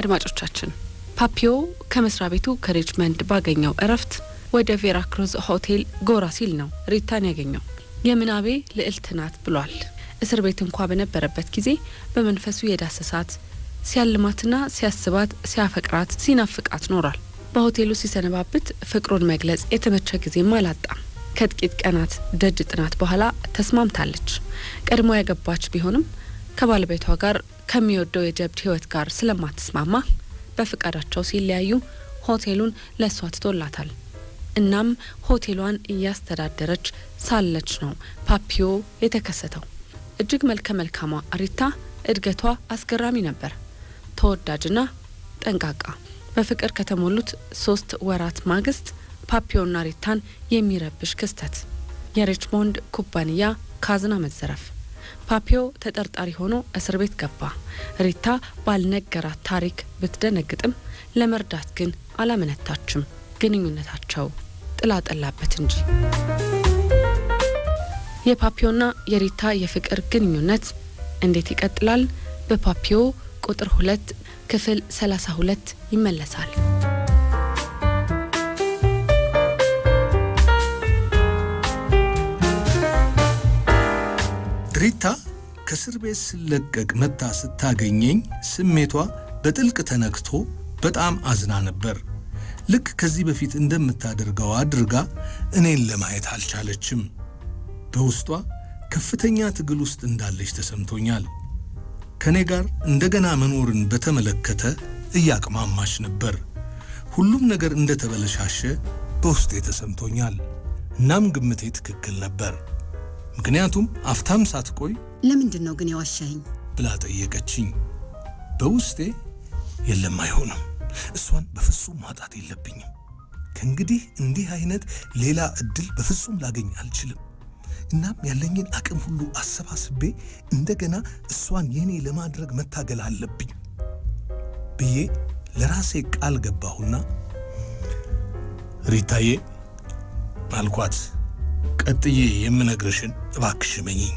አድማጮቻችን ፓፒዮ ከመስሪያ ቤቱ ከሪችመንድ ባገኘው እረፍት ወደ ቬራክሩዝ ሆቴል ጎራ ሲል ነው ሪታን ያገኘው። የምናቤ ልዕልት ናት ብሏል። እስር ቤት እንኳ በነበረበት ጊዜ በመንፈሱ የዳሰሳት ሲያልማትና ሲያስባት ሲያፈቅራት ሲናፍቃት ኖሯል። በሆቴሉ ሲሰነባብት ፍቅሩን መግለጽ የተመቸ ጊዜም አላጣም። ከጥቂት ቀናት ደጅ ጥናት በኋላ ተስማምታለች። ቀድሞ ያገባች ቢሆንም ከባለቤቷ ጋር ከሚወደው የጀብድ ህይወት ጋር ስለማትስማማ በፍቃዳቸው ሲለያዩ ሆቴሉን ለእሷ ትቶላታል። እናም ሆቴሏን እያስተዳደረች ሳለች ነው ፓፒዮ የተከሰተው። እጅግ መልከ መልካሟ ሪታ እድገቷ አስገራሚ ነበር። ተወዳጅና ጠንቃቃ በፍቅር ከተሞሉት ሶስት ወራት ማግስት ፓፒዮና ሪታን የሚረብሽ ክስተት የሪችሞንድ ኩባንያ ካዝና መዘረፍ ፓፒዮ ተጠርጣሪ ሆኖ እስር ቤት ገባ። ሪታ ባልነገራት ታሪክ ብትደነግጥም ለመርዳት ግን አላመነታችም። ግንኙነታቸው ጥላጠላበት እንጂ። የፓፒዮና የሪታ የፍቅር ግንኙነት እንዴት ይቀጥላል? በፓፒዮ ቁጥር ሁለት ክፍል 32 ይመለሳል። ሪታ ከእስር ቤት ስለቀቅ መታ ስታገኘኝ ስሜቷ በጥልቅ ተነክቶ በጣም አዝና ነበር። ልክ ከዚህ በፊት እንደምታደርገው አድርጋ እኔን ለማየት አልቻለችም። በውስጧ ከፍተኛ ትግል ውስጥ እንዳለች ተሰምቶኛል። ከእኔ ጋር እንደገና መኖርን በተመለከተ እያቅማማች ነበር። ሁሉም ነገር እንደተበለሻሸ በውስጤ ተሰምቶኛል። እናም ግምቴ ትክክል ነበር። ምክንያቱም አፍታም ሳትቆይ ለምንድን ነው ግን የዋሻኝ ብላ ጠየቀችኝ። በውስጤ የለም፣ አይሆንም፣ እሷን በፍጹም ማጣት የለብኝም። ከእንግዲህ እንዲህ አይነት ሌላ እድል በፍጹም ላገኝ አልችልም። እናም ያለኝን አቅም ሁሉ አሰባስቤ እንደገና እሷን የኔ ለማድረግ መታገል አለብኝ ብዬ ለራሴ ቃል ገባሁና ሪታዬ አልኳት። ቀጥዬ የምነግርሽን እባክሽ መኝኝ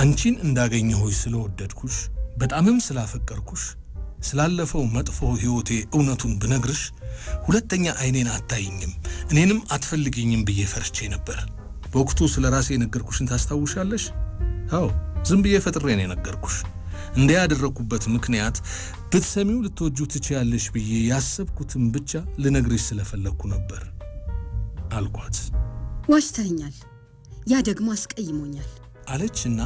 አንቺን እንዳገኘሁሽ ስለወደድኩሽ በጣምም ስላፈቀርኩሽ ስላለፈው መጥፎ ሕይወቴ እውነቱን ብነግርሽ ሁለተኛ አይኔን አታይኝም እኔንም አትፈልግኝም ብዬ ፈርቼ ነበር። በወቅቱ ስለ ራሴ የነገርኩሽን ታስታውሻለሽ? አዎ ዝም ብዬ ፈጥሬ የነገርኩሽ። እንዲያ ያደረግኩበት ምክንያት ብትሰሚው ልትወጁ ትችያለሽ ብዬ ያሰብኩትን ብቻ ልነግርሽ ስለፈለግኩ ነበር አልኳት። ዋሽተኛል። ያ ደግሞ አስቀይሞኛል አለችና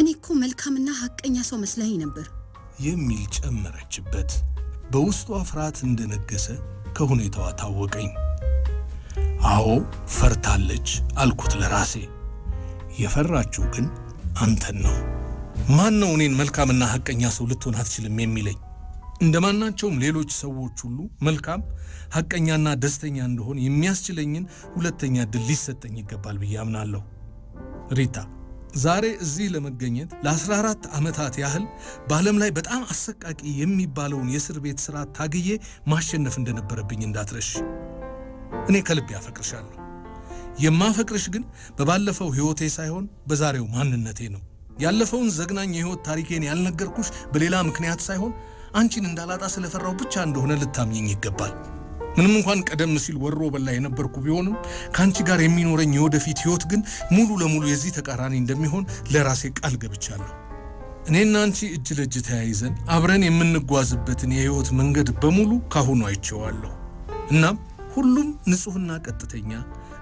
እኔ እኮ መልካምና ሐቀኛ ሰው መስለኝ ነበር የሚል ጨመረችበት። በውስጧ ፍርሃት እንደነገሰ ከሁኔታዋ ታወቀኝ። አዎ ፈርታለች አልኩት ለራሴ። የፈራችው ግን አንተን ነው። ማን ነው እኔን መልካምና ሐቀኛ ሰው ልትሆን አትችልም የሚለኝ? እንደማናቸውም ሌሎች ሰዎች ሁሉ መልካም ሐቀኛና ደስተኛ እንደሆን የሚያስችለኝን ሁለተኛ ድል ሊሰጠኝ ይገባል ብዬ አምናለሁ። ሪታ ዛሬ እዚህ ለመገኘት ለ14 ዓመታት ያህል በዓለም ላይ በጣም አሰቃቂ የሚባለውን የእስር ቤት ሥርዓት ታግዬ ማሸነፍ እንደነበረብኝ እንዳትረሽ። እኔ ከልቤ ያፈቅርሻለሁ። የማፈቅርሽ ግን በባለፈው ሕይወቴ ሳይሆን በዛሬው ማንነቴ ነው። ያለፈውን ዘግናኝ የሕይወት ታሪኬን ያልነገርኩሽ በሌላ ምክንያት ሳይሆን አንቺን እንዳላጣ ስለፈራው ብቻ እንደሆነ ልታምኘኝ ይገባል። ምንም እንኳን ቀደም ሲል ወሮ በላ የነበርኩ ቢሆንም ከአንቺ ጋር የሚኖረኝ የወደፊት ሕይወት ግን ሙሉ ለሙሉ የዚህ ተቃራኒ እንደሚሆን ለራሴ ቃል ገብቻለሁ። እኔና አንቺ እጅ ለእጅ ተያይዘን አብረን የምንጓዝበትን የሕይወት መንገድ በሙሉ ካሁኑ አይቼዋለሁ። እናም ሁሉም ንጹሕና ቀጥተኛ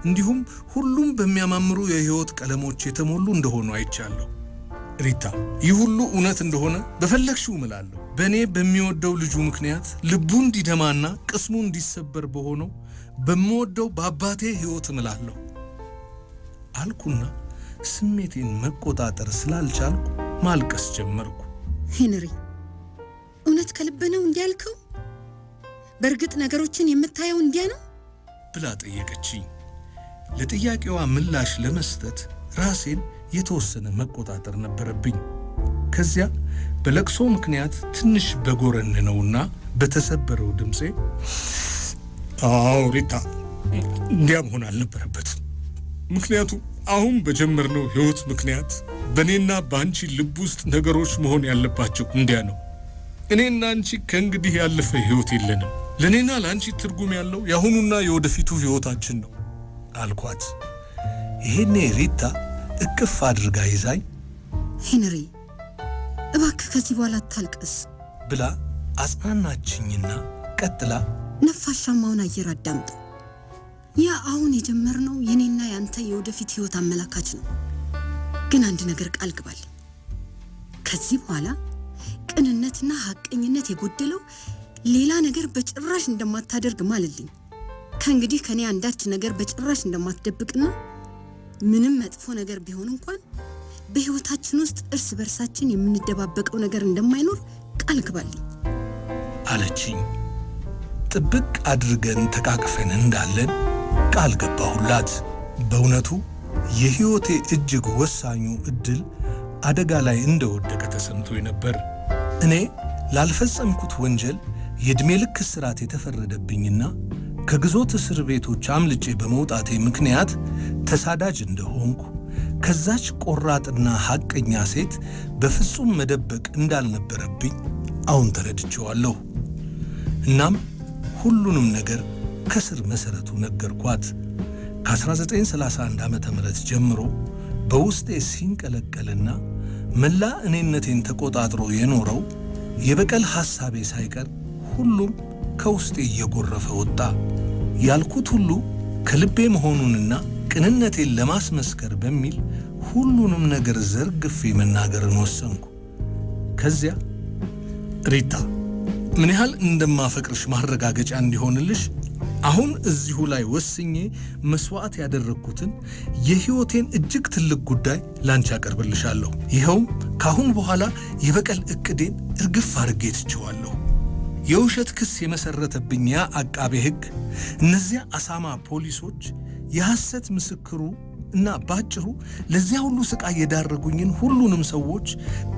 እንዲሁም ሁሉም በሚያማምሩ የሕይወት ቀለሞች የተሞሉ እንደሆኑ አይቻለሁ። ሪታ፣ ይህ ሁሉ እውነት እንደሆነ በፈለግሽው እምላለሁ። በእኔ በሚወደው ልጁ ምክንያት ልቡ እንዲደማና ቅስሙ እንዲሰበር በሆነው በምወደው በአባቴ ሕይወት እምላለሁ አልኩና ስሜቴን መቆጣጠር ስላልቻልኩ ማልቀስ ጀመርኩ። ሄንሪ፣ እውነት ከልብ ነው እንዲያልከው? በእርግጥ ነገሮችን የምታየው እንዲያ ነው ብላ ጠየቀችኝ። ለጥያቄዋ ምላሽ ለመስጠት ራሴን የተወሰነ መቆጣጠር ነበረብኝ። ከዚያ በለቅሶ ምክንያት ትንሽ በጎረን ነውና በተሰበረው ድምፄ አዎ ሪታ፣ እንዲያ መሆን አልነበረበትም። ምክንያቱም አሁን በጀመርነው ህይወት ምክንያት በእኔና በአንቺ ልብ ውስጥ ነገሮች መሆን ያለባቸው እንዲያ ነው። እኔና አንቺ ከእንግዲህ ያለፈ ህይወት የለንም። ለእኔና ለአንቺ ትርጉም ያለው የአሁኑና የወደፊቱ ህይወታችን ነው አልኳት። ይህኔ ሪታ እቅፍ አድርጋ ይዛኝ ሄንሪ እባክህ ከዚህ በኋላ አታልቅስ ብላ አጽናናችኝና ቀጥላ ነፋሻማውን አየር አዳምጠ ያ አሁን የጀመርነው የኔና ያንተ የወደፊት ህይወት አመላካች ነው። ግን አንድ ነገር ቃል ግባል። ከዚህ በኋላ ቅንነትና ሀቀኝነት የጎደለው ሌላ ነገር በጭራሽ እንደማታደርግ ማልልኝ። ከእንግዲህ ከእኔ አንዳች ነገር በጭራሽ እንደማትደብቅና ምንም መጥፎ ነገር ቢሆን እንኳን በህይወታችን ውስጥ እርስ በርሳችን የምንደባበቀው ነገር እንደማይኖር ቃል ግባልኝ አለችኝ። ጥብቅ አድርገን ተቃቅፈን እንዳለን ቃል ገባሁላት። በእውነቱ የህይወቴ እጅግ ወሳኙ እድል አደጋ ላይ እንደወደቀ ተሰምቶ ነበር። እኔ ላልፈጸምኩት ወንጀል የዕድሜ ልክ እስራት የተፈረደብኝና ከግዞት እስር ቤቶች አምልጬ በመውጣቴ ምክንያት ተሳዳጅ እንደሆንኩ ከዛች ቆራጥና ሐቀኛ ሴት በፍጹም መደበቅ እንዳልነበረብኝ አሁን ተረድቼዋለሁ። እናም ሁሉንም ነገር ከስር መሠረቱ ነገርኳት። ከ1931 ዓ ም ጀምሮ በውስጤ ሲንቀለቀልና መላ እኔነቴን ተቆጣጥሮ የኖረው የበቀል ሐሳቤ ሳይቀር ሁሉም ከውስጤ እየጎረፈ ወጣ። ያልኩት ሁሉ ከልቤ መሆኑንና ቅንነቴን ለማስመስከር በሚል ሁሉንም ነገር ዘርግፌ መናገርን ወሰንኩ። ከዚያ ሪታ ምን ያህል እንደማፈቅርሽ ማረጋገጫ እንዲሆንልሽ አሁን እዚሁ ላይ ወስኜ መስዋዕት ያደረግኩትን የሕይወቴን እጅግ ትልቅ ጉዳይ ላንቺ አቀርብልሻለሁ። ይኸውም ካአሁን በኋላ የበቀል እቅዴን እርግፍ አድርጌ ትችዋለሁ። የውሸት ክስ የመሠረተብኝ ያ አቃቤ ሕግ እነዚያ አሳማ ፖሊሶች የሐሰት ምስክሩ እና ባጭሩ ለዚያ ሁሉ ስቃይ የዳረጉኝን ሁሉንም ሰዎች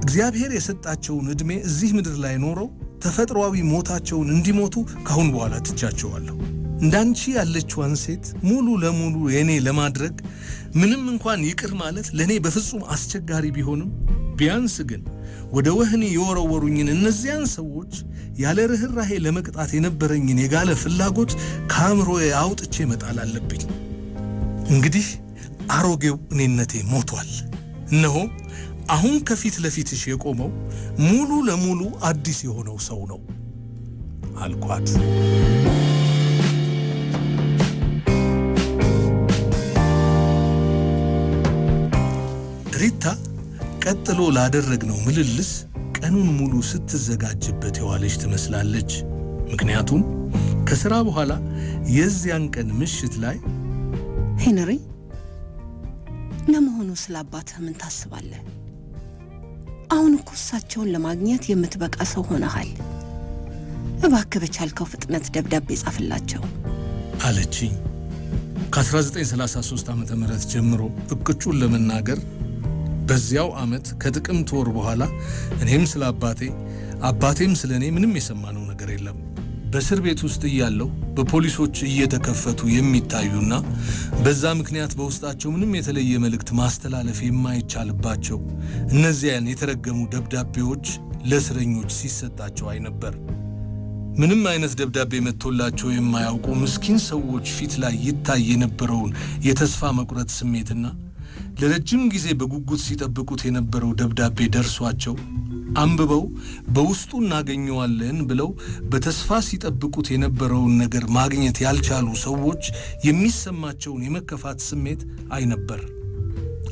እግዚአብሔር የሰጣቸውን ዕድሜ እዚህ ምድር ላይ ኖረው ተፈጥሯዊ ሞታቸውን እንዲሞቱ ካሁን በኋላ ትቻቸዋለሁ። እንዳንቺ ያለችዋን ሴት ሙሉ ለሙሉ የእኔ ለማድረግ ምንም እንኳን ይቅር ማለት ለእኔ በፍጹም አስቸጋሪ ቢሆንም ቢያንስ ግን ወደ ወህኒ የወረወሩኝን እነዚያን ሰዎች ያለ ርኅራሄ ለመቅጣት የነበረኝን የጋለ ፍላጎት ከአእምሮዬ አውጥቼ መጣል አለብኝ። እንግዲህ አሮጌው እኔነቴ ሞቷል። እነሆ አሁን ከፊት ለፊትሽ የቆመው ሙሉ ለሙሉ አዲስ የሆነው ሰው ነው አልኳት። ሪታ ቀጥሎ ላደረግነው ምልልስ ቀኑን ሙሉ ስትዘጋጅበት የዋለች ትመስላለች። ምክንያቱም ከሥራ በኋላ የዚያን ቀን ምሽት ላይ ሄንሪ ለመሆኑ ስለ አባትህ ምን ታስባለህ? አሁን እኮ እሳቸውን ለማግኘት የምትበቃ ሰው ሆነሃል። እባክህ በቻልከው ፍጥነት ደብዳቤ ጻፍላቸው አለችኝ። ከ1933 ዓ ም ጀምሮ እቅጩን ለመናገር በዚያው ዓመት ከጥቅምት ወር በኋላ እኔም ስለ አባቴ አባቴም ስለ እኔ ምንም የሰማነው ነገር የለም። በእስር ቤት ውስጥ እያለው በፖሊሶች እየተከፈቱ የሚታዩና በዛ ምክንያት በውስጣቸው ምንም የተለየ መልእክት ማስተላለፍ የማይቻልባቸው እነዚያን የተረገሙ ደብዳቤዎች ለእስረኞች ሲሰጣቸው አይ ነበር። ምንም አይነት ደብዳቤ መጥቶላቸው የማያውቁ ምስኪን ሰዎች ፊት ላይ ይታይ የነበረውን የተስፋ መቁረጥ ስሜትና ለረጅም ጊዜ በጉጉት ሲጠብቁት የነበረው ደብዳቤ ደርሷቸው አንብበው በውስጡ እናገኘዋለን ብለው በተስፋ ሲጠብቁት የነበረውን ነገር ማግኘት ያልቻሉ ሰዎች የሚሰማቸውን የመከፋት ስሜት አይነበር።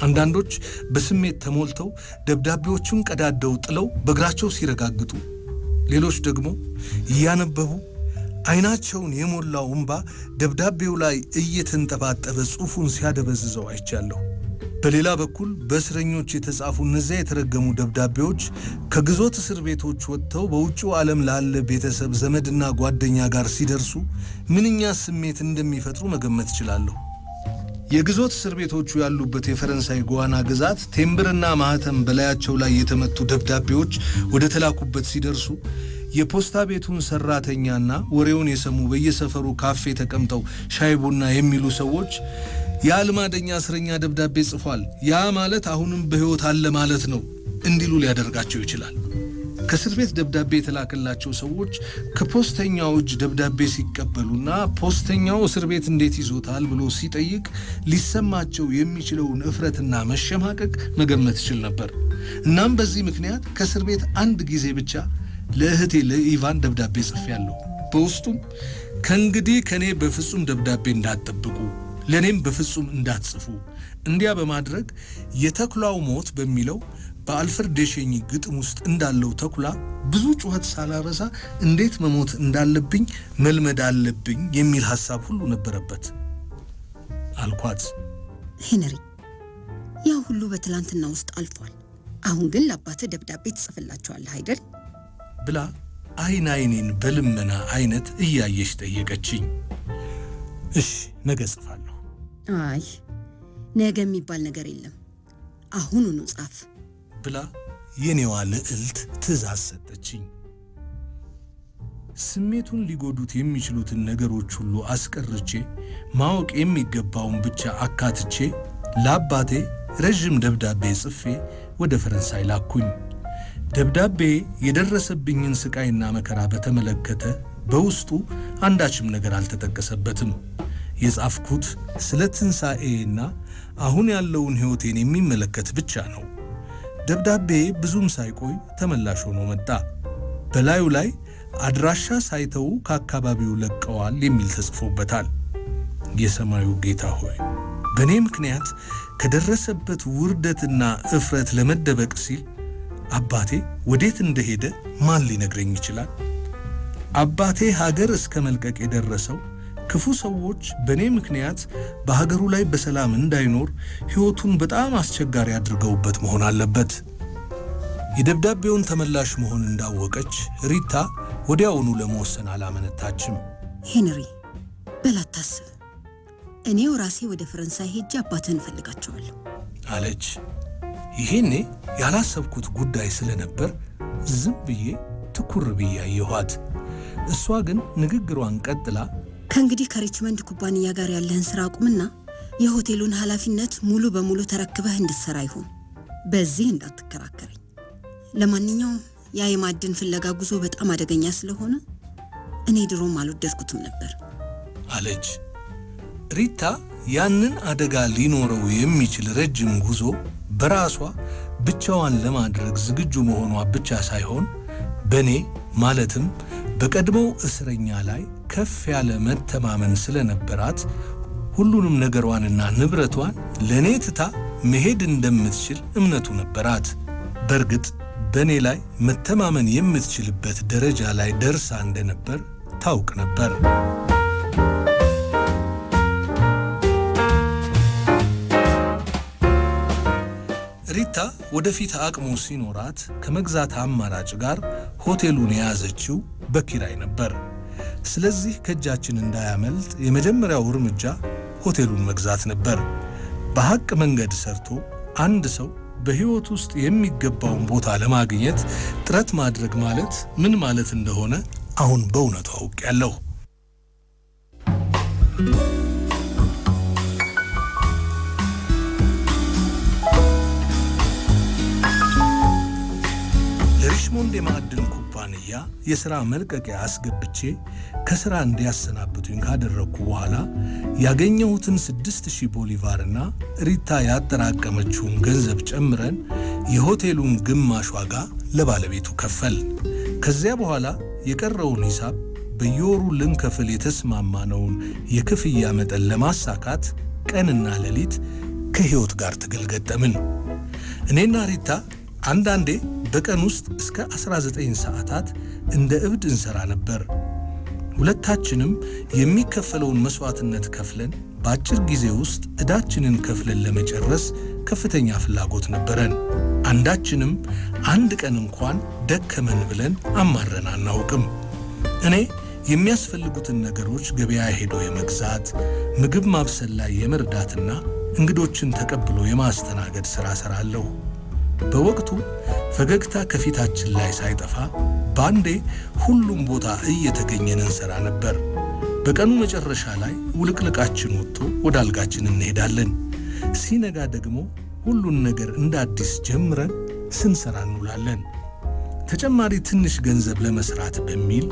አንዳንዶች በስሜት ተሞልተው ደብዳቤዎቹን ቀዳደው ጥለው በእግራቸው ሲረጋግጡ፣ ሌሎች ደግሞ እያነበቡ አይናቸውን የሞላው እምባ ደብዳቤው ላይ እየተንጠባጠበ ጽሑፉን ሲያደበዝዘው አይቻለሁ። በሌላ በኩል በእስረኞች የተጻፉ እነዚያ የተረገሙ ደብዳቤዎች ከግዞት እስር ቤቶች ወጥተው በውጭው ዓለም ላለ ቤተሰብ ዘመድና ጓደኛ ጋር ሲደርሱ ምንኛ ስሜት እንደሚፈጥሩ መገመት እችላለሁ። የግዞት እስር ቤቶቹ ያሉበት የፈረንሳይ ጓና ግዛት ቴምብርና ማህተም በላያቸው ላይ የተመቱ ደብዳቤዎች ወደ ተላኩበት ሲደርሱ የፖስታ ቤቱን ሰራተኛና ወሬውን የሰሙ በየሰፈሩ ካፌ ተቀምጠው ሻይ ቡና የሚሉ ሰዎች የአልማደኛ እስረኛ ደብዳቤ ጽፏል፣ ያ ማለት አሁንም በሕይወት አለ ማለት ነው እንዲሉ ሊያደርጋቸው ይችላል። ከእስር ቤት ደብዳቤ የተላከላቸው ሰዎች ከፖስተኛው እጅ ደብዳቤ ሲቀበሉና ፖስተኛው እስር ቤት እንዴት ይዞታል ብሎ ሲጠይቅ ሊሰማቸው የሚችለውን እፍረትና መሸማቀቅ መገመት ይችል ነበር። እናም በዚህ ምክንያት ከእስር ቤት አንድ ጊዜ ብቻ ለእህቴ ለኢቫን ደብዳቤ ጽፌያለሁ። በውስጡም ከእንግዲህ ከእኔ በፍጹም ደብዳቤ እንዳትጠብቁ ለእኔም በፍጹም እንዳትጽፉ። እንዲያ በማድረግ የተኩላው ሞት በሚለው በአልፍሬድ ደሸኝ ግጥም ውስጥ እንዳለው ተኩላ ብዙ ጩኸት ሳላረሳ እንዴት መሞት እንዳለብኝ መልመድ አለብኝ የሚል ሐሳብ ሁሉ ነበረበት። አልኳት፣ ሄነሪ፣ ያ ሁሉ በትላንትና ውስጥ አልፏል። አሁን ግን ለአባትህ ደብዳቤ ትጽፍላቸዋለህ አይደል? ብላ አይን አይኔን በልመና አይነት እያየች ጠየቀችኝ። እሺ ነገ ጽፋለሁ አይ ነገ የሚባል ነገር የለም፣ አሁኑኑ ጻፍ ብላ የኔዋ ልዕልት ትእዛዝ ሰጠችኝ። ስሜቱን ሊጎዱት የሚችሉትን ነገሮች ሁሉ አስቀርቼ ማወቅ የሚገባውን ብቻ አካትቼ ለአባቴ ረዥም ደብዳቤ ጽፌ ወደ ፈረንሳይ ላኩኝ። ደብዳቤ የደረሰብኝን ስቃይና መከራ በተመለከተ በውስጡ አንዳችም ነገር አልተጠቀሰበትም። የጻፍኩት ስለ ትንሣኤና አሁን ያለውን ሕይወቴን የሚመለከት ብቻ ነው። ደብዳቤ ብዙም ሳይቆይ ተመላሽ ሆኖ መጣ። በላዩ ላይ አድራሻ ሳይተው ከአካባቢው ለቀዋል የሚል ተጽፎበታል። የሰማዩ ጌታ ሆይ በእኔ ምክንያት ከደረሰበት ውርደትና እፍረት ለመደበቅ ሲል አባቴ ወዴት እንደሄደ ማን ሊነግረኝ ይችላል? አባቴ ሀገር እስከ መልቀቅ የደረሰው ክፉ ሰዎች በእኔ ምክንያት በሀገሩ ላይ በሰላም እንዳይኖር ሕይወቱን በጣም አስቸጋሪ አድርገውበት መሆን አለበት። የደብዳቤውን ተመላሽ መሆን እንዳወቀች ሪታ ወዲያውኑ ለመወሰን አላመነታችም። ሄንሪ በላታስብ እኔው ራሴ ወደ ፈረንሳይ ሄጄ አባትህን እፈልጋቸዋለሁ አለች። ይሄኔ ያላሰብኩት ጉዳይ ስለነበር ዝም ብዬ ትኩር ብዬ አየኋት። እሷ ግን ንግግሯን ቀጥላ ከእንግዲህ ከሪችመንድ ኩባንያ ጋር ያለህን ስራ አቁምና የሆቴሉን ኃላፊነት ሙሉ በሙሉ ተረክበህ እንድትሰራ ይሁን። በዚህ እንዳትከራከረኝ። ለማንኛውም ያ የማዕድን ፍለጋ ጉዞ በጣም አደገኛ ስለሆነ እኔ ድሮም አልወደድኩትም ነበር አለች ሪታ። ያንን አደጋ ሊኖረው የሚችል ረጅም ጉዞ በራሷ ብቻዋን ለማድረግ ዝግጁ መሆኗ ብቻ ሳይሆን በእኔ ማለትም በቀድሞው እስረኛ ላይ ከፍ ያለ መተማመን ስለነበራት ሁሉንም ነገሯንና ንብረቷን ለእኔ ትታ መሄድ እንደምትችል እምነቱ ነበራት። በእርግጥ በእኔ ላይ መተማመን የምትችልበት ደረጃ ላይ ደርሳ እንደነበር ታውቅ ነበር። ሪታ ወደፊት አቅሙ ሲኖራት ከመግዛት አማራጭ ጋር ሆቴሉን የያዘችው በኪራይ ነበር። ስለዚህ ከእጃችን እንዳያመልጥ የመጀመሪያው እርምጃ ሆቴሉን መግዛት ነበር። በሐቅ መንገድ ሰርቶ አንድ ሰው በሕይወት ውስጥ የሚገባውን ቦታ ለማግኘት ጥረት ማድረግ ማለት ምን ማለት እንደሆነ አሁን በእውነቱ አውቄያለሁ። ለሪሽሞንድ የማዕድን ኩባንያ የሥራ መልቀቂያ አስገብቼ ከሥራ እንዲያሰናብቱኝ ካደረግኩ በኋላ ያገኘሁትን ስድስት ሺህ ቦሊቫርና ሪታ ያጠራቀመችውን ገንዘብ ጨምረን የሆቴሉን ግማሽ ዋጋ ለባለቤቱ ከፈል። ከዚያ በኋላ የቀረውን ሂሳብ በየወሩ ልንከፍል የተስማማነውን የክፍያ መጠን ለማሳካት ቀንና ሌሊት ከሕይወት ጋር ትግል ገጠምን። እኔና ሪታ አንዳንዴ በቀን ውስጥ እስከ 19 ሰዓታት እንደ እብድ እንሰራ ነበር። ሁለታችንም የሚከፈለውን መስዋዕትነት ከፍለን በአጭር ጊዜ ውስጥ ዕዳችንን ከፍለን ለመጨረስ ከፍተኛ ፍላጎት ነበረን። አንዳችንም አንድ ቀን እንኳን ደከመን ብለን አማረን አናውቅም። እኔ የሚያስፈልጉትን ነገሮች ገበያ ሄዶ የመግዛት፣ ምግብ ማብሰል ላይ የመርዳትና እንግዶችን ተቀብሎ የማስተናገድ ሥራ ሠራለሁ። በወቅቱ ፈገግታ ከፊታችን ላይ ሳይጠፋ ባንዴ ሁሉም ቦታ እየተገኘን እንሰራ ነበር። በቀኑ መጨረሻ ላይ ውልቅልቃችን ወጥቶ ወደ አልጋችን እንሄዳለን። ሲነጋ ደግሞ ሁሉን ነገር እንደ አዲስ ጀምረን ስንሰራ እንውላለን። ተጨማሪ ትንሽ ገንዘብ ለመስራት በሚል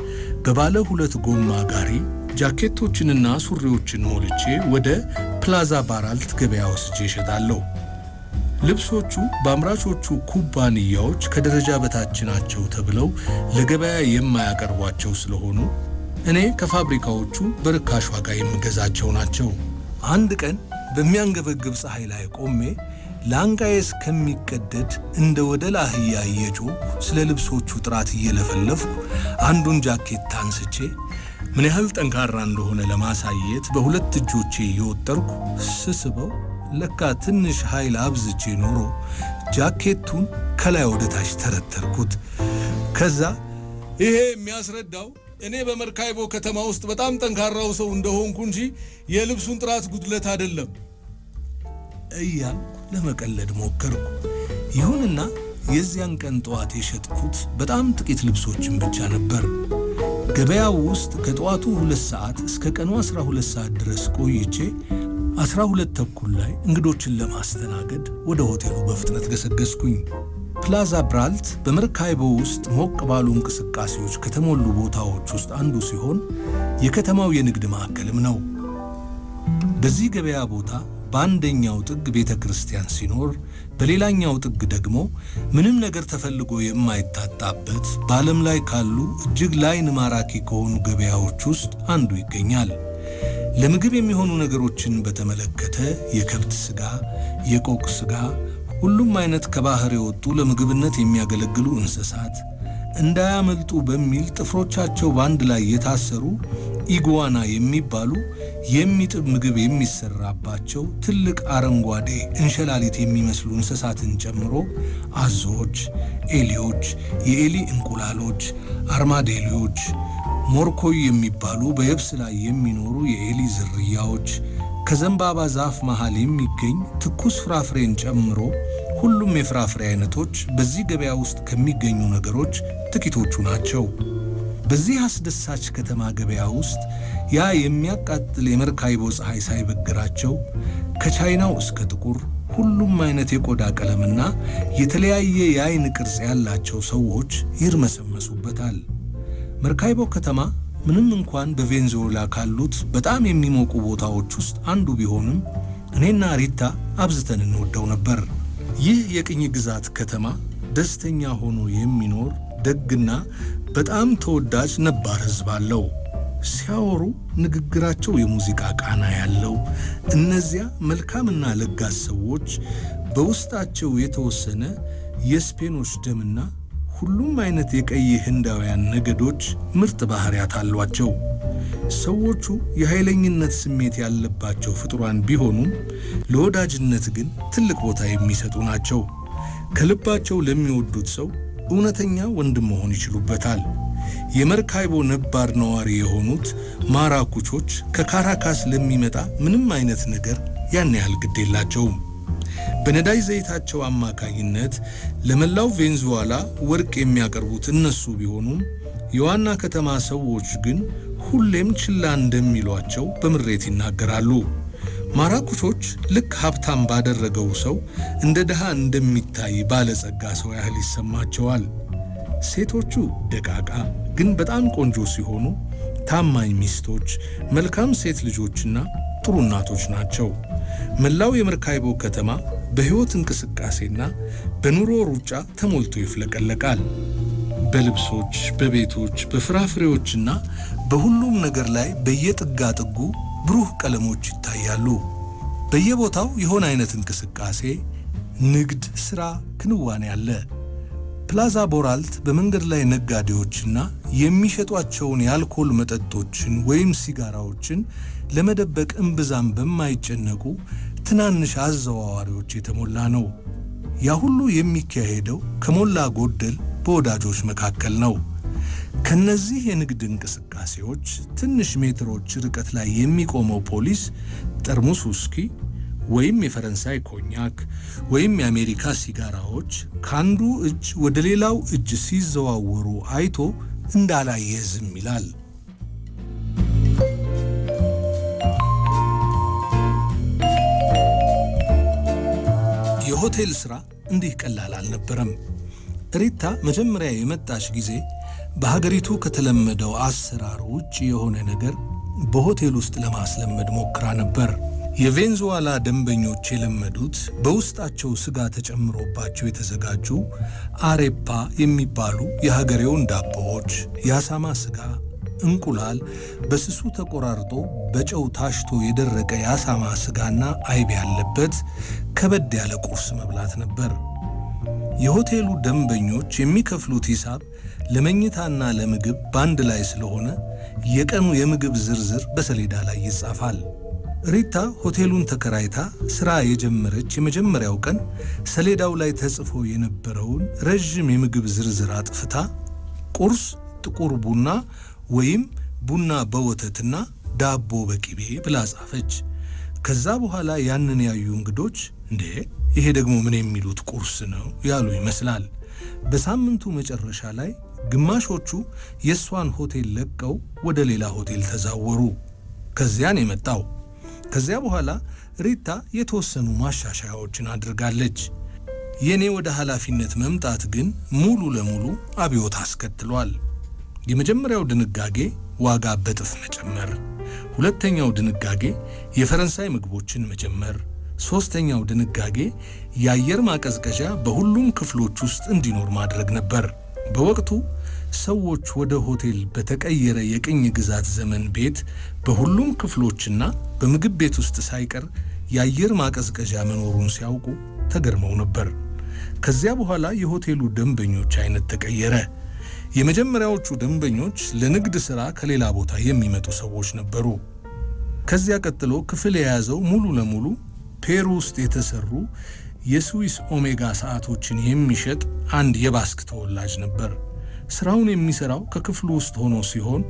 በባለ ሁለት ጎማ ጋሪ ጃኬቶችንና ሱሪዎችን ሞልቼ ወደ ፕላዛ ባራልት ገበያ ወስጄ እሸጣለሁ። ልብሶቹ በአምራቾቹ ኩባንያዎች ከደረጃ በታች ናቸው ተብለው ለገበያ የማያቀርቧቸው ስለሆኑ እኔ ከፋብሪካዎቹ በርካሽ ዋጋ የምገዛቸው ናቸው። አንድ ቀን በሚያንገበግብ ፀሐይ ላይ ቆሜ ለአንጋዬ እስከሚቀደድ እንደ ወደላ አህያ እየጮሁ ስለ ልብሶቹ ጥራት እየለፈለፍኩ አንዱን ጃኬት ታንስቼ ምን ያህል ጠንካራ እንደሆነ ለማሳየት በሁለት እጆቼ እየወጠርኩ ስስበው ለካ ትንሽ ኃይል አብዝቼ ኖሮ ጃኬቱን ከላይ ወደ ታች ተረተርኩት። ከዛ ይሄ የሚያስረዳው እኔ በመርካይቦ ከተማ ውስጥ በጣም ጠንካራው ሰው እንደሆንኩ እንጂ የልብሱን ጥራት ጉድለት አይደለም እያል ለመቀለድ ሞከርኩ። ይሁንና የዚያን ቀን ጠዋት የሸጥኩት በጣም ጥቂት ልብሶችን ብቻ ነበር። ገበያው ውስጥ ከጠዋቱ ሁለት ሰዓት እስከ ቀኑ 12 ሰዓት ድረስ ቆይቼ አስራ ሁለት ተኩል ላይ እንግዶችን ለማስተናገድ ወደ ሆቴሉ በፍጥነት ገሰገስኩኝ። ፕላዛ ብራልት በመርካይቦ ውስጥ ሞቅ ባሉ እንቅስቃሴዎች ከተሞሉ ቦታዎች ውስጥ አንዱ ሲሆን የከተማው የንግድ ማዕከልም ነው። በዚህ ገበያ ቦታ በአንደኛው ጥግ ቤተ ክርስቲያን ሲኖር፣ በሌላኛው ጥግ ደግሞ ምንም ነገር ተፈልጎ የማይታጣበት በዓለም ላይ ካሉ እጅግ ላይን ማራኪ ከሆኑ ገበያዎች ውስጥ አንዱ ይገኛል። ለምግብ የሚሆኑ ነገሮችን በተመለከተ የከብት ስጋ፣ የቆቅ ስጋ፣ ሁሉም አይነት ከባህር የወጡ ለምግብነት የሚያገለግሉ እንስሳት እንዳያመልጡ በሚል ጥፍሮቻቸው በአንድ ላይ የታሰሩ ኢጓና የሚባሉ የሚጥብ ምግብ የሚሰራባቸው ትልቅ አረንጓዴ እንሸላሊት የሚመስሉ እንስሳትን ጨምሮ አዞዎች፣ ኤሊዎች፣ የኤሊ እንቁላሎች፣ አርማዴሊዎች ሞርኮይ የሚባሉ በየብስ ላይ የሚኖሩ የኤሊ ዝርያዎች ከዘንባባ ዛፍ መሃል የሚገኝ ትኩስ ፍራፍሬን ጨምሮ ሁሉም የፍራፍሬ አይነቶች በዚህ ገበያ ውስጥ ከሚገኙ ነገሮች ጥቂቶቹ ናቸው። በዚህ አስደሳች ከተማ ገበያ ውስጥ ያ የሚያቃጥል የመርካይቦ ፀሐይ ሳይበግራቸው ከቻይናው እስከ ጥቁር ሁሉም አይነት የቆዳ ቀለምና የተለያየ የአይን ቅርጽ ያላቸው ሰዎች ይርመሰመሱበታል። መርካይቦ ከተማ ምንም እንኳን በቬንዙዌላ ካሉት በጣም የሚሞቁ ቦታዎች ውስጥ አንዱ ቢሆንም እኔና ሪታ አብዝተን እንወደው ነበር። ይህ የቅኝ ግዛት ከተማ ደስተኛ ሆኖ የሚኖር ደግና በጣም ተወዳጅ ነባር ሕዝብ አለው። ሲያወሩ ንግግራቸው የሙዚቃ ቃና ያለው፣ እነዚያ መልካምና ለጋስ ሰዎች በውስጣቸው የተወሰነ የስፔኖች ደምና ሁሉም አይነት የቀይ ህንዳውያን ነገዶች ምርጥ ባህሪያት አሏቸው። ሰዎቹ የኃይለኝነት ስሜት ያለባቸው ፍጡራን ቢሆኑም ለወዳጅነት ግን ትልቅ ቦታ የሚሰጡ ናቸው። ከልባቸው ለሚወዱት ሰው እውነተኛ ወንድም መሆን ይችሉበታል። የመርካይቦ ነባር ነዋሪ የሆኑት ማራኩቾች ከካራካስ ለሚመጣ ምንም አይነት ነገር ያን ያህል ግድ የላቸውም። በነዳጅ ዘይታቸው አማካይነት ለመላው ቬንዙዋላ ወርቅ የሚያቀርቡት እነሱ ቢሆኑም የዋና ከተማ ሰዎች ግን ሁሌም ችላ እንደሚሏቸው በምሬት ይናገራሉ። ማራኩቾች ልክ ሀብታም ባደረገው ሰው እንደ ድሃ እንደሚታይ ባለጸጋ ሰው ያህል ይሰማቸዋል። ሴቶቹ ደቃቃ ግን በጣም ቆንጆ ሲሆኑ ታማኝ ሚስቶች፣ መልካም ሴት ልጆችና ጥሩ እናቶች ናቸው። መላው የመርካይቦ ከተማ በሕይወት እንቅስቃሴና በኑሮ ሩጫ ተሞልቶ ይፍለቀለቃል። በልብሶች፣ በቤቶች፣ በፍራፍሬዎችና በሁሉም ነገር ላይ በየጥጋ ጥጉ ብሩህ ቀለሞች ይታያሉ። በየቦታው የሆነ አይነት እንቅስቃሴ፣ ንግድ፣ ሥራ፣ ክንዋኔ አለ። ፕላዛ ቦራልት በመንገድ ላይ ነጋዴዎችና የሚሸጧቸውን የአልኮል መጠጦችን ወይም ሲጋራዎችን ለመደበቅ እምብዛም በማይጨነቁ ትናንሽ አዘዋዋሪዎች የተሞላ ነው። ያ ሁሉ የሚካሄደው ከሞላ ጎደል በወዳጆች መካከል ነው። ከነዚህ የንግድ እንቅስቃሴዎች ትንሽ ሜትሮች ርቀት ላይ የሚቆመው ፖሊስ ጠርሙስ ውስኪ ወይም የፈረንሳይ ኮኛክ ወይም የአሜሪካ ሲጋራዎች ከአንዱ እጅ ወደ ሌላው እጅ ሲዘዋወሩ አይቶ እንዳላየ ዝም ይላል። የሆቴል ሥራ እንዲህ ቀላል አልነበረም። ሪታ መጀመሪያ የመጣች ጊዜ በሀገሪቱ ከተለመደው አሰራር ውጭ የሆነ ነገር በሆቴል ውስጥ ለማስለመድ ሞክራ ነበር። የቬንዙዋላ ደንበኞች የለመዱት በውስጣቸው ስጋ ተጨምሮባቸው የተዘጋጁ አሬፓ የሚባሉ የሀገሬውን ዳቦዎች፣ የአሳማ ስጋ እንቁላል በስሱ ተቆራርጦ በጨው ታሽቶ የደረቀ የአሳማ ስጋና አይብ ያለበት ከበድ ያለ ቁርስ መብላት ነበር። የሆቴሉ ደንበኞች የሚከፍሉት ሂሳብ ለመኝታና ለምግብ በአንድ ላይ ስለሆነ የቀኑ የምግብ ዝርዝር በሰሌዳ ላይ ይጻፋል። ሪታ ሆቴሉን ተከራይታ ሥራ የጀመረች የመጀመሪያው ቀን ሰሌዳው ላይ ተጽፎ የነበረውን ረዥም የምግብ ዝርዝር አጥፍታ ቁርስ ጥቁር ቡና፣ ወይም ቡና በወተትና ዳቦ በቅቤ ብላ ጻፈች። ከዛ በኋላ ያንን ያዩ እንግዶች እንዴ ይሄ ደግሞ ምን የሚሉት ቁርስ ነው ያሉ ይመስላል። በሳምንቱ መጨረሻ ላይ ግማሾቹ የእሷን ሆቴል ለቀው ወደ ሌላ ሆቴል ተዛወሩ። ከዚያን የመጣው ከዚያ በኋላ ሪታ የተወሰኑ ማሻሻያዎችን አድርጋለች። የእኔ ወደ ኃላፊነት መምጣት ግን ሙሉ ለሙሉ አብዮት አስከትሏል። የመጀመሪያው ድንጋጌ ዋጋ በጥፍ መጨመር፣ ሁለተኛው ድንጋጌ የፈረንሳይ ምግቦችን መጀመር ሦስተኛው ድንጋጌ የአየር ማቀዝቀዣ በሁሉም ክፍሎች ውስጥ እንዲኖር ማድረግ ነበር። በወቅቱ ሰዎች ወደ ሆቴል በተቀየረ የቅኝ ግዛት ዘመን ቤት በሁሉም ክፍሎችና በምግብ ቤት ውስጥ ሳይቀር የአየር ማቀዝቀዣ መኖሩን ሲያውቁ ተገርመው ነበር። ከዚያ በኋላ የሆቴሉ ደንበኞች አይነት ተቀየረ። የመጀመሪያዎቹ ደንበኞች ለንግድ ሥራ ከሌላ ቦታ የሚመጡ ሰዎች ነበሩ። ከዚያ ቀጥሎ ክፍል የያዘው ሙሉ ለሙሉ ፔሩ ውስጥ የተሰሩ የስዊስ ኦሜጋ ሰዓቶችን የሚሸጥ አንድ የባስክ ተወላጅ ነበር። ስራውን የሚሰራው ከክፍሉ ውስጥ ሆኖ ሲሆን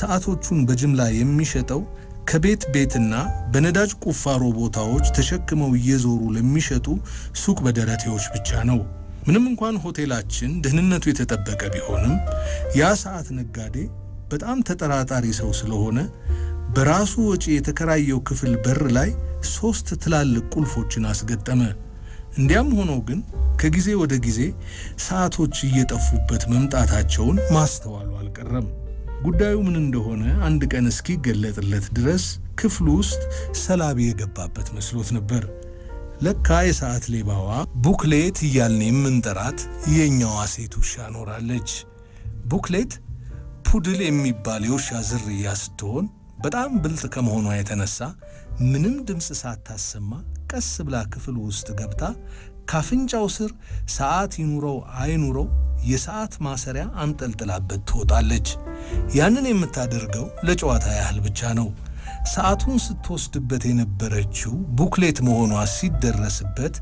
ሰዓቶቹን በጅምላ የሚሸጠው ከቤት ቤትና በነዳጅ ቁፋሮ ቦታዎች ተሸክመው እየዞሩ ለሚሸጡ ሱቅ በደረቴዎች ብቻ ነው። ምንም እንኳን ሆቴላችን ደህንነቱ የተጠበቀ ቢሆንም ያ ሰዓት ነጋዴ በጣም ተጠራጣሪ ሰው ስለሆነ በራሱ ወጪ የተከራየው ክፍል በር ላይ ሦስት ትላልቅ ቁልፎችን አስገጠመ። እንዲያም ሆኖ ግን ከጊዜ ወደ ጊዜ ሰዓቶች እየጠፉበት መምጣታቸውን ማስተዋሉ አልቀረም። ጉዳዩ ምን እንደሆነ አንድ ቀን እስኪገለጥለት ድረስ ክፍሉ ውስጥ ሰላቢ የገባበት መስሎት ነበር። ለካ የሰዓት ሌባዋ ቡክሌት እያልን የምንጠራት የኛዋ ሴት ውሻ ኖራለች። ቡክሌት ፑድል የሚባል የውሻ ዝርያ ስትሆን በጣም ብልጥ ከመሆኗ የተነሳ ምንም ድምፅ ሳታሰማ ቀስ ብላ ክፍል ውስጥ ገብታ ካፍንጫው ስር ሰዓት ይኑረው አይኑረው የሰዓት ማሰሪያ አንጠልጥላበት ትወጣለች። ያንን የምታደርገው ለጨዋታ ያህል ብቻ ነው። ሰዓቱን ስትወስድበት የነበረችው ቡክሌት መሆኗ ሲደረስበት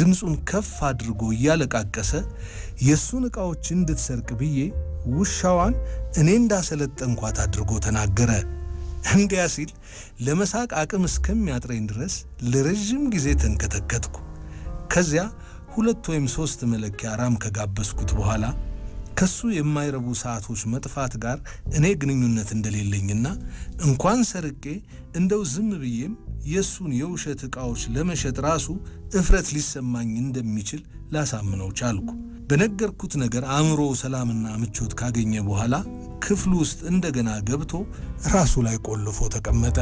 ድምፁን ከፍ አድርጎ እያለቃቀሰ የእሱን ዕቃዎች እንድትሰርቅ ብዬ ውሻዋን እኔ እንዳሰለጠንኳት አድርጎ ተናገረ። እንዲያ ሲል ለመሳቅ አቅም እስከሚያጥረኝ ድረስ ለረዥም ጊዜ ተንከተከትኩ። ከዚያ ሁለት ወይም ሦስት መለኪያ ራም ከጋበዝኩት በኋላ ከሱ የማይረቡ ሰዓቶች መጥፋት ጋር እኔ ግንኙነት እንደሌለኝና እንኳን ሰርቄ እንደው ዝም ብዬም የእሱን የውሸት ዕቃዎች ለመሸጥ ራሱ እፍረት ሊሰማኝ እንደሚችል ላሳምነው ቻልኩ። በነገርኩት ነገር አእምሮ ሰላምና ምቾት ካገኘ በኋላ ክፍሉ ውስጥ እንደገና ገብቶ ራሱ ላይ ቆልፎ ተቀመጠ።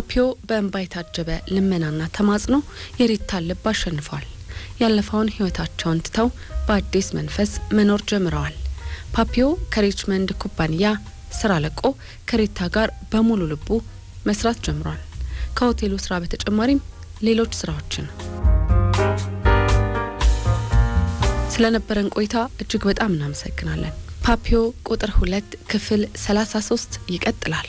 ፓፒዮ በእንባ የታጀበ ልመናና ተማጽኖ የሪታን ልብ አሸንፏል። ያለፈውን ህይወታቸውን ትተው በአዲስ መንፈስ መኖር ጀምረዋል። ፓፒዮ ከሪችመንድ ኩባንያ ስራ ለቆ ከሪታ ጋር በሙሉ ልቡ መስራት ጀምሯል። ከሆቴሉ ስራ በተጨማሪም ሌሎች ስራዎችን። ስለነበረን ቆይታ እጅግ በጣም እናመሰግናለን። ፓፒዮ ቁጥር ሁለት ክፍል 33 ይቀጥላል።